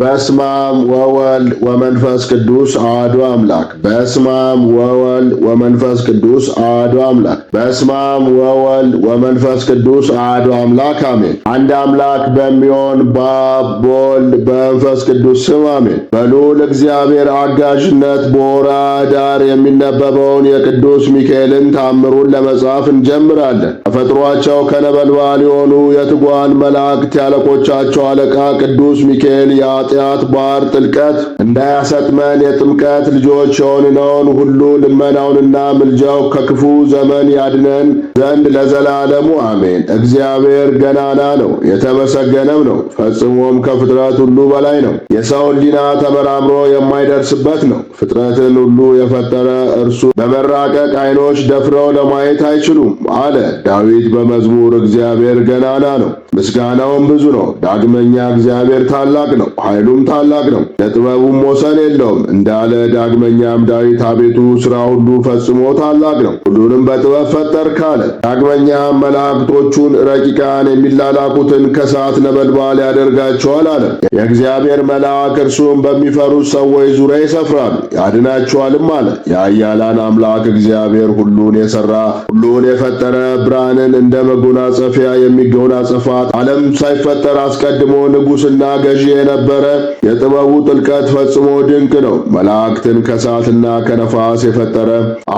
በስማም ወወል ወመንፈስ ቅዱስ አሐዱ አምላክ። በስማም ወወል ወመንፈስ ቅዱስ አሐዱ አምላክ። በስማም ወወል ወመንፈስ ቅዱስ አሐዱ አምላክ አሜን። አንድ አምላክ በሚሆን በአብ በወልድ በመንፈስ ቅዱስ ስም አሜን። በልዑል እግዚአብሔር አጋዥነት በወርኃ ኅዳር የሚነበበውን የቅዱስ ሚካኤልን ታምሩን ለመጻፍ እንጀምራለን። ተፈጥሯቸው ከነበልባል የሆኑ የትጓን መላእክት ያለቆቻቸው አለቃ ቅዱስ ሚካኤል ያ ኃጢአት ባር ጥልቀት እንዳያሰጥመን የጥምቀት ልጆች የሆንነውን ሁሉ ልመናውንና ምልጃው ከክፉ ዘመን ያድነን ዘንድ ለዘላለሙ አሜን። እግዚአብሔር ገናና ነው፣ የተመሰገነም ነው፣ ፈጽሞም ከፍጥረት ሁሉ በላይ ነው። የሰው ሕሊና ተመራምሮ የማይደርስበት ነው። ፍጥረትን ሁሉ የፈጠረ እርሱ በመራቀቅ ዓይኖች ደፍረው ለማየት አይችሉም አለ ዳዊት በመዝሙር። እግዚአብሔር ገናና ነው፣ ምስጋናውም ብዙ ነው። ዳግመኛ እግዚአብሔር ታላቅ ነው ኃይሉም ታላቅ ነው፣ ለጥበቡም ወሰን የለውም እንዳለ ዳግመኛም ዳዊት አቤቱ ሥራ ሁሉ ፈጽሞ ታላቅ ነው፣ ሁሉንም በጥበብ ፈጠር ካለ ዳግመኛም መላእክቶቹን ረቂቃን የሚላላኩትን ከሰዓት ነበልባል ያደርጋቸዋል አለ። የእግዚአብሔር መልአክ እርሱም በሚፈሩት ሰዎች ዙሪያ ይሰፍራሉ ያድናቸዋልም አለ። የአያላን አምላክ እግዚአብሔር ሁሉን የሠራ ሁሉን የፈጠረ ብርሃንን እንደ መጎናጸፊያ የሚጎናጸፋት ዓለም ሳይፈጠር አስቀድሞ ንጉሥና ገዢ የነበረ ነበረ። የጥበቡ ጥልቀት ፈጽሞ ድንቅ ነው። መላእክትን ከእሳትና ከነፋስ የፈጠረ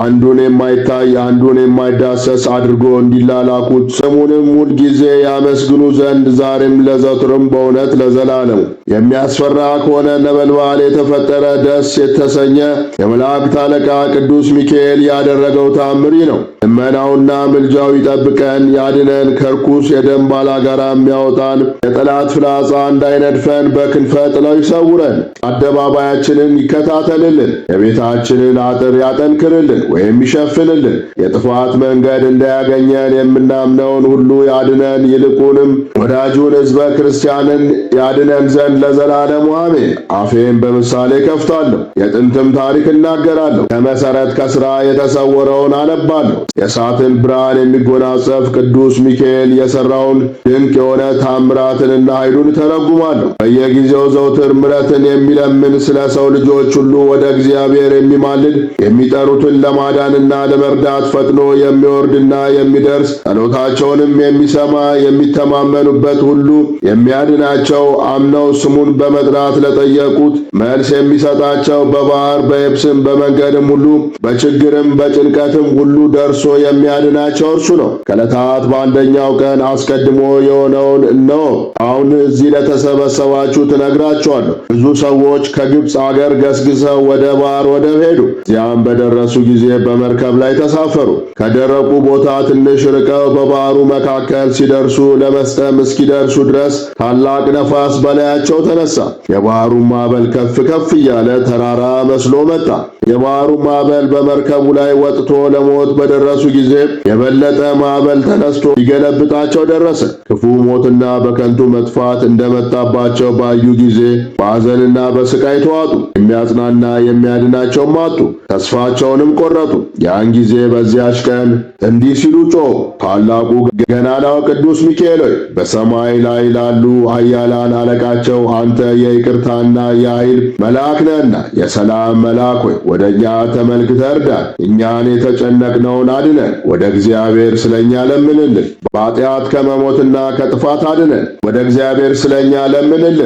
አንዱን የማይታይ አንዱን የማይዳሰስ አድርጎ እንዲላላኩት ስሙንም ጊዜ ያመስግኑ ዘንድ ዛሬም ለዘትርም በእውነት ለዘላለሙ የሚያስፈራ ከሆነ ነበልባል የተፈጠረ ደስ የተሰኘ የመላእክት አለቃ ቅዱስ ሚካኤል ያደረገው ታምሪ ነው። ልመናውና ምልጃው ይጠብቀን ያድነን፣ ከርኩስ የደም ባላጋራ የሚያወጣን የጠላት ፍላጻ እንዳይነድፈን በክንፍ ከጥላው ይሰውረን። አደባባያችንን ይከታተልልን። የቤታችንን አጥር ያጠንክርልን ወይም ይሸፍንልን። የጥፋት መንገድ እንዳያገኘን የምናምነውን ሁሉ ያድነን። ይልቁንም ወዳጁን ሕዝበ ክርስቲያንን ያድነን ዘንድ ለዘላለሙ አሜን። አፌን በምሳሌ ከፍታለሁ፣ የጥንትም ታሪክ እናገራለሁ። ከመሠረት ከሥራ የተሰወረውን አነባለሁ። የእሳትን ብርሃን የሚጎናጸፍ ቅዱስ ሚካኤል የሠራውን ድንቅ የሆነ ታምራትንና ኃይሉን ተረጉማለሁ። በየጊዜው ዘውትር ምረትን የሚለምን ስለ ሰው ልጆች ሁሉ ወደ እግዚአብሔር የሚማልድ የሚጠሩትን ለማዳንና ለመርዳት ፈጥኖ የሚወርድና የሚደርስ ጸሎታቸውንም የሚሰማ የሚተማመኑበት ሁሉ የሚያድናቸው አምነው ስሙን በመጥራት ለጠየቁት መልስ የሚሰጣቸው በባህር፣ በየብስም በመንገድም ሁሉ በችግርም በጭንቀትም ሁሉ ደርሶ የሚያድናቸው እርሱ ነው። ከለታት በአንደኛው ቀን አስቀድሞ የሆነውን እነሆ አሁን እዚህ ለተሰበሰባችሁ እነግራቸዋለሁ። ብዙ ሰዎች ከግብፅ አገር ገስግሰው ወደ ባህር ወደብ ሄዱ። እዚያም በደረሱ ጊዜ በመርከብ ላይ ተሳፈሩ። ከደረቁ ቦታ ትንሽ ርቀው በባህሩ መካከል ሲደርሱ ለመስጠም እስኪደርሱ ድረስ ታላቅ ነፋስ በላያቸው ተነሳ። የባህሩ ማዕበል ከፍ ከፍ እያለ ተራራ መስሎ መጣ። የባህሩ ማዕበል በመርከቡ ላይ ወጥቶ ለሞት በደረሱ ጊዜ የበለጠ ማዕበል ተነስቶ ሊገለብጣቸው ደረሰ። ክፉ ሞትና በከንቱ መጥፋት እንደመጣባቸው ባዩ ጊዜ በሐዘንና በስቃይ ተዋጡ። የሚያጽናና የሚያድናቸውም አጡ። ተስፋቸውንም ቆረጡ። ያን ጊዜ በዚያች ቀን እንዲህ ሲሉ ጮኹ። ታላቁ ገናናው ቅዱስ ሚካኤል ሆይ በሰማይ ላይ ላሉ ኃያላን አለቃቸው አንተ የይቅርታና የኃይል መልአክ ነህና የሰላም መልአክ ሆይ ወደ እኛ ተመልክተ እርዳን፣ እኛን የተጨነቅነውን አድነን። ወደ እግዚአብሔር ስለ እኛ ለምንልን፣ በኃጢአት ከመሞትና ከጥፋት አድነን። ወደ እግዚአብሔር ስለኛ ለምንልን በኃጢአት ከመሞትና ከጥፋት አድነን ወደ እግዚአብሔር ስለኛ ለምንልን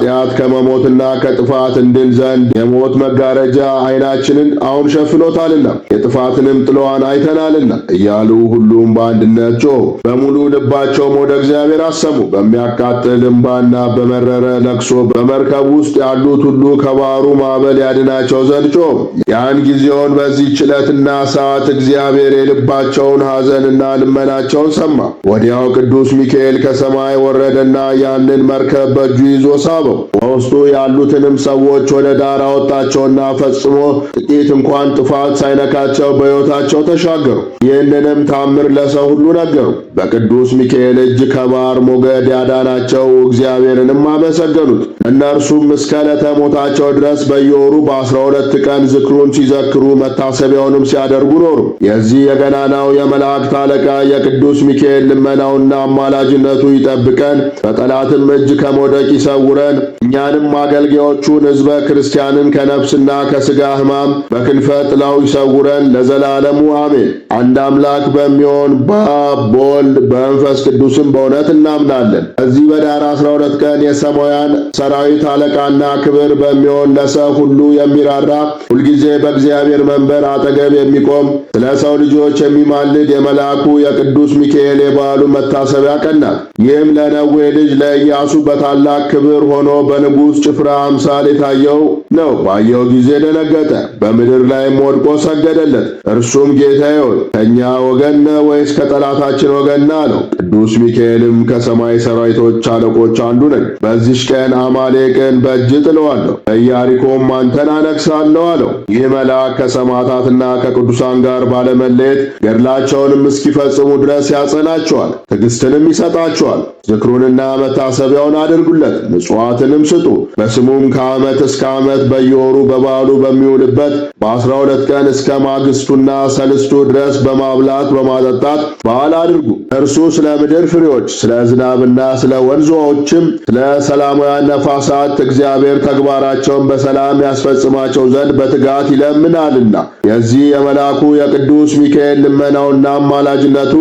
ከኃጢአት ከመሞትና ከጥፋት እንድን ዘንድ የሞት መጋረጃ ዓይናችንን አሁን ሸፍኖታልና የጥፋትንም ጥለዋን አይተናልና እያሉ ሁሉም በአንድነት ጮኹ። በሙሉ ልባቸውም ወደ እግዚአብሔር አሰሙ። በሚያቃጥል እምባና በመረረ ለቅሶ በመርከብ ውስጥ ያሉት ሁሉ ከባሩ ማዕበል ያድናቸው ዘንድ ጮ። ያን ጊዜውን በዚህ ችለትና ሰዓት እግዚአብሔር የልባቸውን ሐዘንና ልመናቸውን ሰማ። ወዲያው ቅዱስ ሚካኤል ከሰማይ ወረደና ያንን መርከብ በእጁ ይዞ ሳበ። በውስጡ ያሉትንም ሰዎች ወደ ዳር አወጣቸውና ፈጽሞ ጥቂት እንኳን ጥፋት ሳይነካቸው በሕይወታቸው ተሻገሩ። ይህንንም ታምር ለሰው ሁሉ ነገሩ። በቅዱስ ሚካኤል እጅ ከባር ሞገድ ያዳናቸው እግዚአብሔርንም አመሰገኑት። እነርሱም እስከ ዕለተ ሞታቸው ድረስ በየወሩ በአስራ ሁለት ቀን ዝክሩን ሲዘክሩ መታሰቢያውንም ሲያደርጉ ኖሩ። የዚህ የገናናው የመላእክት አለቃ የቅዱስ ሚካኤል ልመናውና አማላጅነቱ ይጠብቀን፣ በጠላትም እጅ ከመውደቅ ይሰውረን አድርገን እኛንም አገልጋዮቹን ሕዝበ ክርስቲያንን ከነፍስና ከሥጋ ሕማም በክንፈ ጥላው ይሰውረን ለዘላለሙ አሜን። አንድ አምላክ በሚሆን በአብ በወልድ በመንፈስ ቅዱስም በእውነት እናምናለን። በዚህ በዳር አስራ ሁለት ቀን የሰማውያን ሰራዊት አለቃና ክብር በሚሆን ለሰው ሁሉ የሚራራ ሁልጊዜ በእግዚአብሔር መንበር አጠገብ የሚቆም ስለ ሰው ልጆች የሚማልድ የመልአኩ የቅዱስ ሚካኤል የበዓሉ መታሰቢያ ቀን ናት። ይህም ለነዌ ልጅ ለኢያሱ በታላቅ ክብር ሆኖ በንጉሥ ጭፍራ አምሳል የታየው ነው። ባየው ጊዜ ደነገጠ፣ በምድር ላይም ወድቆ ሰገደለት። እርሱም ጌታዬ ሆይ ከእኛ ወገን ወይስ ከጠላታችን ወገን አለው። ቅዱስ ሚካኤልም ከሰማይ ሰራዊቶች አለቆች አንዱ ነኝ፣ በዚሽ ቀን አማሌቅን በእጅ ጥለዋለሁ፣ በኢያሪኮም አንተን አነግሳለሁ አለው። ይህ መልአክ ከሰማዕታትና ከቅዱሳን ጋር ባለመለየት ገድላቸውንም እስኪፈጽሙ ድረስ ያጸናቸዋል፣ ትዕግሥትንም ይሰጣቸዋል። ዝክሩንና መታሰቢያውን አድርጉለት ንጹሕ መሥዋዕትንም ስጡ። በስሙም ከዓመት እስከ ዓመት በየወሩ በበዓሉ በሚውልበት በአስራ ሁለት ቀን እስከ ማግስቱና ሰልስቱ ድረስ በማብላት በማጠጣት በዓል አድርጉ። እርሱ ስለ ምድር ፍሬዎች፣ ስለ ዝናብና ስለ ወንዞዎችም፣ ስለ ሰላማውያን ነፋሳት እግዚአብሔር ተግባራቸውን በሰላም ያስፈጽማቸው ዘንድ በትጋት ይለምናልና። የዚህ የመልአኩ የቅዱስ ሚካኤል ልመናውና አማላጅነቱ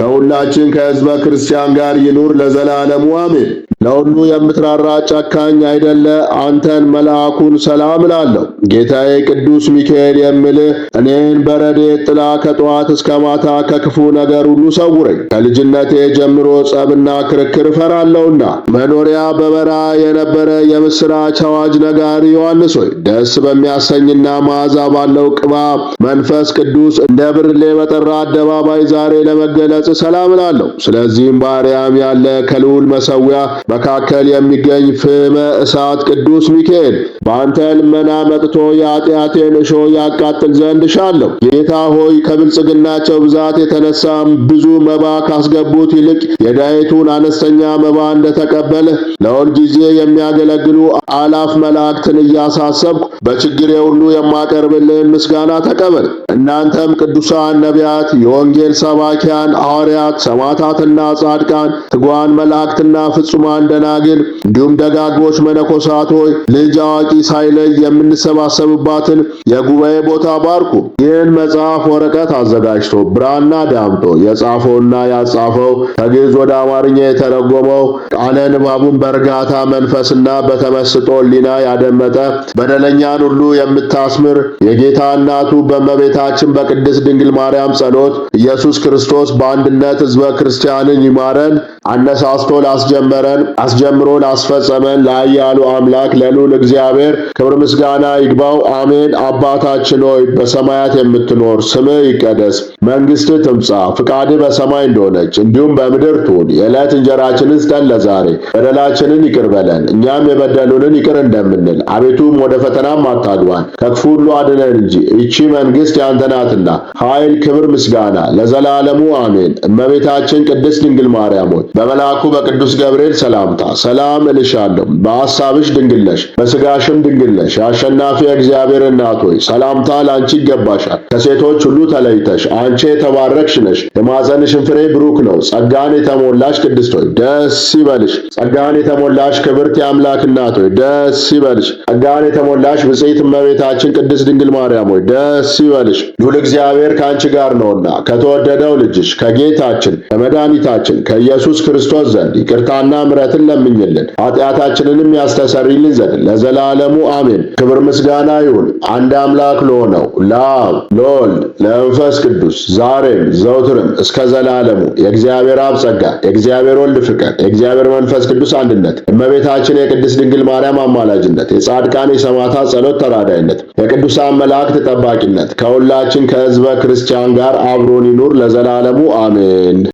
ከሁላችን ከሕዝበ ክርስቲያን ጋር ይኑር ለዘላለሙ አሜን። ለሁሉ የምትራራ ጨካኝ አይደለ? አንተን መልአኩን ሰላም እላለሁ። ጌታዬ ቅዱስ ሚካኤል የምልህ እኔን በረድኤት ጥላ ከጠዋት እስከ ማታ ከክፉ ነገር ሁሉ ሰውረኝ። ከልጅነቴ ጀምሮ ጸብና ክርክር እፈራለሁና መኖሪያ በበረሃ የነበረ የምስራች አዋጅ ነጋሪ ዮሐንስ ሆይ ደስ በሚያሰኝና መዓዛ ባለው ቅባ መንፈስ ቅዱስ እንደ ብርሌ በጠራ አደባባይ ዛሬ ለመገለጽ ሰላም እላለሁ። ስለዚህም በአርያም ያለ ከልዑል መሰዊያ ። መካከል የሚገኝ ፍመ እሳት ቅዱስ ሚካኤል በአንተ ልመና መጥቶ የኃጢአቴን እሾ ያቃጥል ዘንድ ሻለሁ። ጌታ ሆይ ከብልጽግናቸው ብዛት የተነሳ ብዙ መባ ካስገቡት ይልቅ የዳይቱን አነስተኛ መባ እንደተቀበልህ ለሁል ጊዜ የሚያገለግሉ አላፍ መላእክትን እያሳሰብ በችግር ሁሉ የማቀርብልህን ምስጋና ተቀበል። እናንተም ቅዱሳን ነቢያት፣ የወንጌል ሰባኪያን ሐዋርያት፣ ሰማዕታትና ጻድቃን፣ ትጓን መላእክትና ፍጹማን ደናግል እንዲሁም ደጋግሞች መነኮሳት ሆይ ልጅ አዋቂ ሳይለይ የምንሰባሰብባትን የጉባኤ ቦታ ባርኩ። ይህን መጽሐፍ ወረቀት አዘጋጅቶ ብራና ዳምጦ የጻፈውና ያጻፈው ከግዕዝ ወደ አማርኛ የተረጎመው ቃለ ንባቡን በእርጋታ መንፈስና በተመስጦ ሊና ያደመጠ በደለኛ ክርስቲያን ሁሉ የምታስምር የጌታ እናቱ በእመቤታችን በቅድስት ድንግል ማርያም ጸሎት ኢየሱስ ክርስቶስ በአንድነት ሕዝበ ክርስቲያንን ይማረን አነሳስቶ ላስጀመረን አስጀምሮ ላስፈጸመን ለኃያሉ አምላክ ለልዑል እግዚአብሔር ክብር ምስጋና ይግባው፣ አሜን። አባታችን ሆይ በሰማያት የምትኖር ስምህ ይቀደስ፣ መንግስት ትምጻ፣ ፍቃድህ በሰማይ እንደሆነች እንዲሁም በምድር ትሁን። የዕለት እንጀራችንን ስጠን ለዛሬ፣ በደላችንን ይቅር በለን እኛም የበደሉንን ይቅር እንደምንል፣ አቤቱም ወደ ፈተናም አታግባን ከክፉ ሁሉ አድነን እንጂ ይቺ መንግሥት ያንተ ናትና ኃይል፣ ክብር፣ ምስጋና ለዘላለሙ አሜን። እመቤታችን ቅድስት ድንግል ማርያም ሆይ በመልአኩ በቅዱስ ገብርኤል ሰላምታ ሰላም እልሻለሁ። በሐሳብሽ ድንግል ነሽ፣ በሥጋሽም ድንግል ነሽ። የአሸናፊ እግዚአብሔር እናት ሆይ ሰላምታ ለአንቺ ይገባሻል። ከሴቶች ሁሉ ተለይተሽ አንቺ የተባረክሽ ነሽ። የማኅፀንሽን ፍሬ ብሩክ ነው። ጸጋን የተሞላሽ ቅድስት ሆይ ደስ ይበልሽ። ጸጋን የተሞላሽ ክብርት የአምላክ እናት ሆይ ደስ ይበልሽ። ጸጋን የተሞላሽ ብጽዕት እመቤታችን ቅድስት ድንግል ማርያም ሆይ ደስ ይበልሽ። ሉል እግዚአብሔር ከአንቺ ጋር ነውና ከተወደደው ልጅሽ ከጌታችን ከመድኃኒታችን ከኢየሱስ ክርስቶስ ዘንድ ይቅርታና ምሕረትን ለምኝልን፣ ኃጢአታችንንም ያስተሰርይልን ዘንድ ለዘላለሙ አሜን። ክብር ምስጋና ይሁን አንድ አምላክ ለሆነው ለአብ ለወልድ ለመንፈስ ቅዱስ ዛሬም ዘውትርም እስከ ዘላለሙ። የእግዚአብሔር አብ ጸጋ የእግዚአብሔር ወልድ ፍቅር የእግዚአብሔር መንፈስ ቅዱስ አንድነት እመቤታችን የቅድስት ድንግል ማርያም አማላጅነት የጻድቃን የሰማዕታት ጸሎት ተራዳይነት የቅዱሳን መላእክት ጠባቂነት ከሁላችን ከሕዝበ ክርስቲያን ጋር አብሮን ይኑር ለዘላለሙ አሜን።